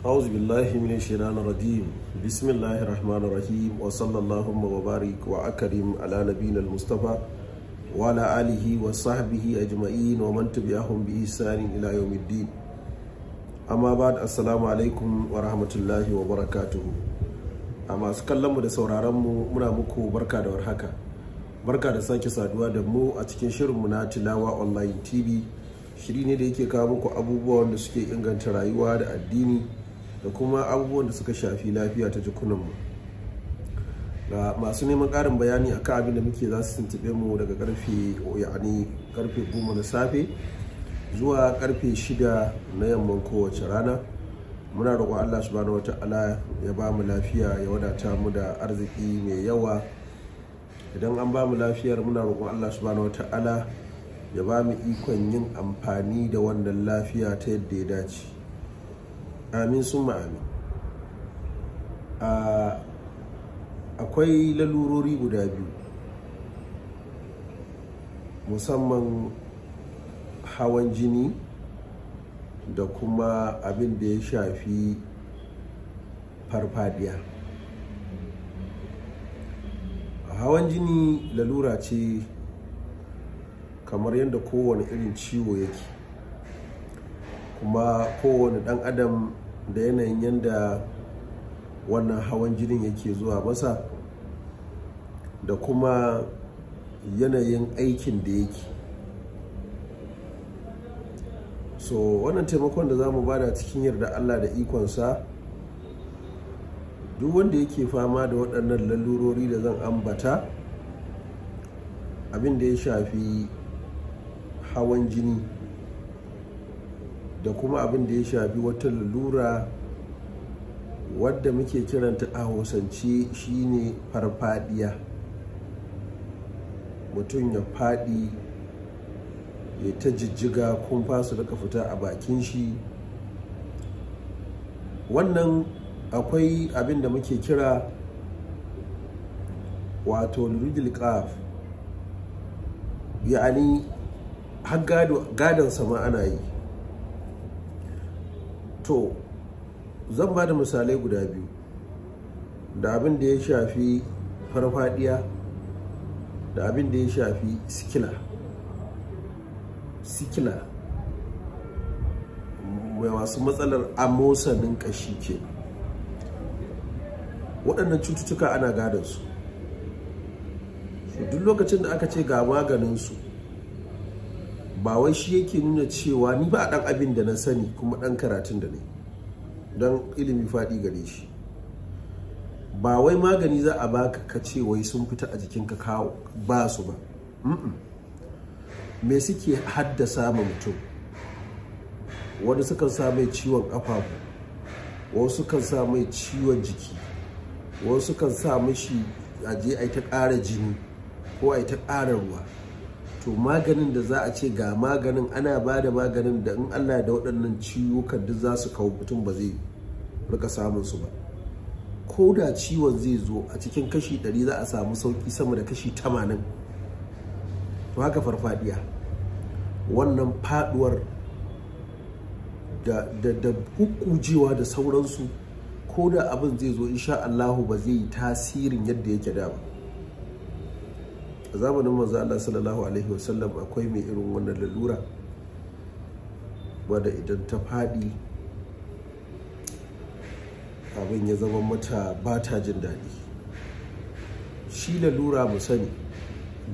أعوذ بالله من الشيطان الرجيم بسم الله الرحمن الرحيم وصلى اللهم Wa وأكرم على نبينا المصطفى وعلى آله وصحبه أجمعين ومن تبعهم بإحسان إلى يوم الدين amma ba da assalamu alaikum wa rahmatullahi wa barakatuhu a masu kallonmu da sauraronmu muna muku barka da warhaka barka da sake saduwa da mu a cikin shirinmu na tilawa online tv shiri ne da yake kawo muku abubuwan da suke inganta rayuwa da addini da kuma abubuwan da suka shafi lafiya ta jikunanmu ga masu neman ƙarin bayani akan abin da muke za su tuntube mu daga karfe yani karfe goma na safe zuwa karfe shida na yamman kowace rana muna roƙon allah subhanahu wa ta'ala ya ba mu lafiya ya wadata mu da arziki mai yawa idan an ba mu lafiyar muna roƙon allah subhanahu wa ta'ala ya ba mu ikon yin amfani da wannan lafiya ta yadda ya dace amin sun amin akwai lalurori guda biyu musamman hawan jini da kuma abin da ya shafi farfadiya hawan jini lalura ce kamar yadda kowane irin ciwo yake kuma kowane dan adam da yanayin yadda wannan hawan jinin yake zuwa masa da kuma yanayin aikin da yake so wannan taimakon da za mu bada cikin yarda allah da ikonsa duk wanda yake fama da waɗannan lalurori da zan ambata abin da ya shafi hawan jini da kuma abin da ya shafi wata lalura wadda muke kiranta a hausance shine farfadiya mutum ya fadi ya ta jijjiga kumfa su daga fita a bakin shi wannan akwai abin da muke kira wato luridil kaf ya'ani har gadon sama ana yi to zan ba da misalai guda biyu da abin da ya shafi farfadiya da abin da ya shafi sikila sikila mai wasu matsalar amosanin kashi ke waɗannan cututtuka ana gadon su duk lokacin da aka ce ga maganin su ba wai shi yake nuna cewa ni ba dan abin da na sani kuma dan karatun da ne don ilimi faɗi gare shi ba wai magani za a baka ka ce wai sun fita a jikinka kawo ba su ba me suke haddasa ma mutum wani sukan sa mai ciwon ƙafafu wasu sukan sa mai ciwon jiki wasu sukan sa mashi aje a ta ƙara jini ko a ta ƙara ruwa to maganin da za a ce ga maganin ana ba da maganin da in allah da waɗannan ciwukan duk za su kawo mutum ba zai rika samun su ba ko da ciwon zai zo a cikin kashi 100 za a samu sauki sama da kashi 80 to haka farfadiya wannan faduwar da da hukujewa da sauransu ko da abin zai zo insha Allahu ba zai yi tasirin yadda yake da ba a zamanin manzo Allah sallallahu alaihi wasallam akwai mai irin wannan lalura wadda idan ta faɗi abin ya zama mata ba ta jin daɗi shi lalura mu sani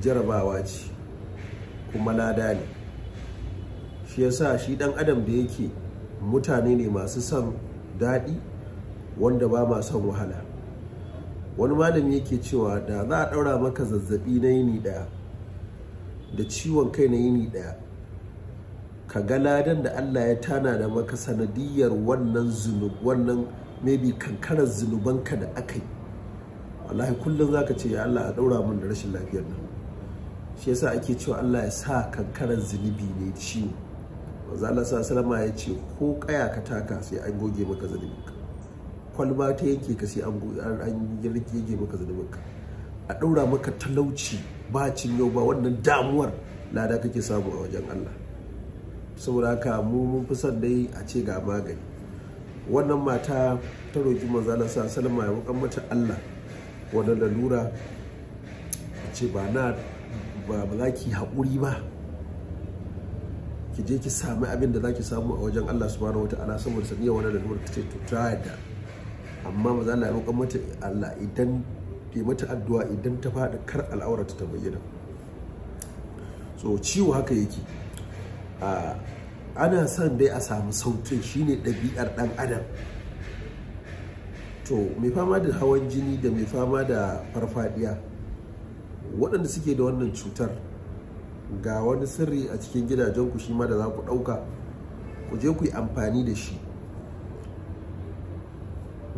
jarabawa ce kuma lada ne shi yasa shi ɗan adam da yake mutane ne masu son daɗi wanda ba ma son wahala wani malami yake cewa da za a ɗaura maka zazzabi na yini ɗaya da ciwon kai na yini ɗaya ka ga ladan da Allah ya tana da maka sanadiyar wannan zunub wannan maybe kankarar zunubanka da aka yi wallahi kullum zaka ce ya Allah a ɗaura min da rashin lafiyar nan shi yasa ake cewa Allah ya sa kankarar zunubi ne ciwo manzo Allah sallallahu alaihi ya ce ko kaya ka taka sai an goge maka zunubinka kwalba ta yake ka sai an yage maka zunubinka a ɗaura maka talauci bacin yau ba wannan damuwar lada kake samu a wajen Allah saboda haka mu mun fi son dai a ce ga magani wannan mata ta roki manzala sa salma ya makan mata Allah wanda lalura ce ba na ba za ki haƙuri ba ki je ki sami abin da za ki samu a wajen Allah subhanahu ta'ala saboda saniya wannan lalura ta ce to ta yadda amma maza na roƙon mata Allah idan ke mata addu'a idan ta faɗi kar al'aurata ta bayyana so ciwo haka yake ana son dai a samu sautin shine ɗabi'ar ɗan adam to mai fama da hawan jini da mai fama da farfadiya waɗanda suke da wannan cutar ga wani sirri a cikin gidajenku shi ma da za ku ɗauka ku je ku yi amfani da shi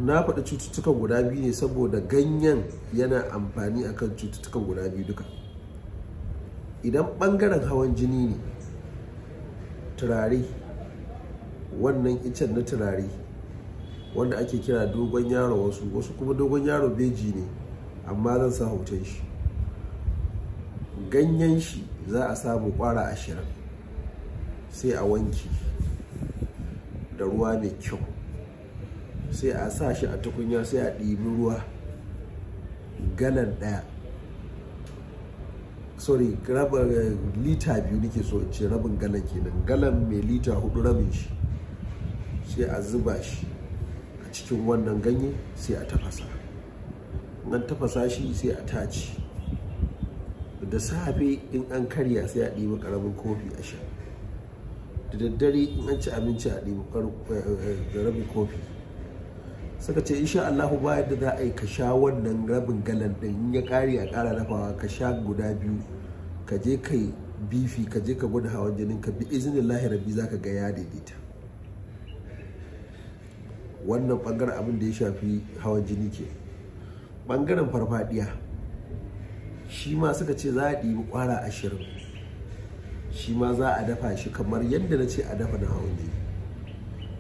na faɗi cututtuka guda biyu ne saboda ganyen yana amfani akan cututtukan guda biyu duka idan ɓangaren hawan jini ne turare wannan icen na turare wanda ake kira dogon yaro wasu wasu kuma dogon yaro beji ne amma zan sa hoton shi ganyen shi za a samu kwara ashirin sai a wanki da ruwa mai kyau sai a sa shi a tukunya sai a ɗibi ruwa galan ɗaya sorry eh, lita biyu nake so ce rabin galan kenan galan mai lita hudu rabin shi sai a zuba shi a cikin wannan ganye sai a tafasa nan tafasa shi sai a taci da safe in an karya sai a ɗibi ƙaramin kofi a sha da daddare in an ci abinci a ɗibi ƙaramin eh, eh, kofi suka ce insha Allahu ba yadda za a yi ka sha wannan rabin galan din ya kare a kara dafawa ka sha guda biyu ka je kai bifi ka je ka gwada hawan jinin ka bi iznillahi rabbi ka ga ya daidaita wannan bangaren abin da ya shafi hawan jini ke bangaren farfadiya shi ma suka ce za a ɗibi kwara ashirin shi ma za a dafa shi kamar yadda na ce a dafa na hawan jini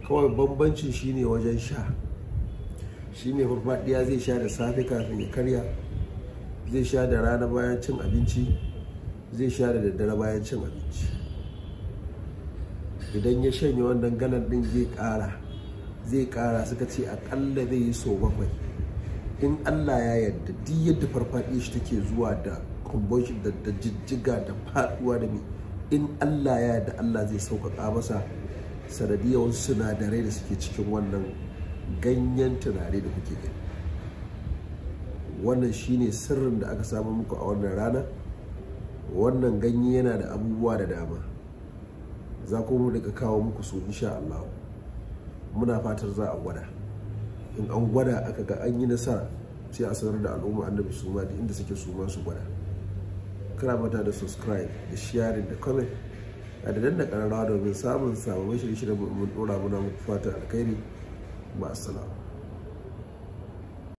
kawai bambancin shine wajen sha shi ne farfadiya zai sha da safe kafin ya karya zai sha da rana bayan cin abinci zai sha da daddare bayan cin abinci idan ya shanye wannan ganar din zai kara zai kara suka ce akalla zai yi so bakwai in allah ya yarda duk yadda farfadiya shi take zuwa da kumboshin da jijjiga da faduwa da mai in allah ya yarda allah zai sauƙaƙa masa sanadiyar wasu sinadarai da suke cikin wannan ganyen tunare da kuke gani wannan shine sirrin da aka samu muku a wannan rana wannan ganye yana da abubuwa da dama za ku daga kawo muku su insha Allah muna fatar za a gwada in an gwada aka ga an yi nasara sai a sanar da al'umma annabi su ma inda suke su ma su gwada kana mata da subscribe da sharing da comment a da danna kararrawa domin samun sababbin shirye-shiryen mun dora muna muku fatan alkhairi Wassalam.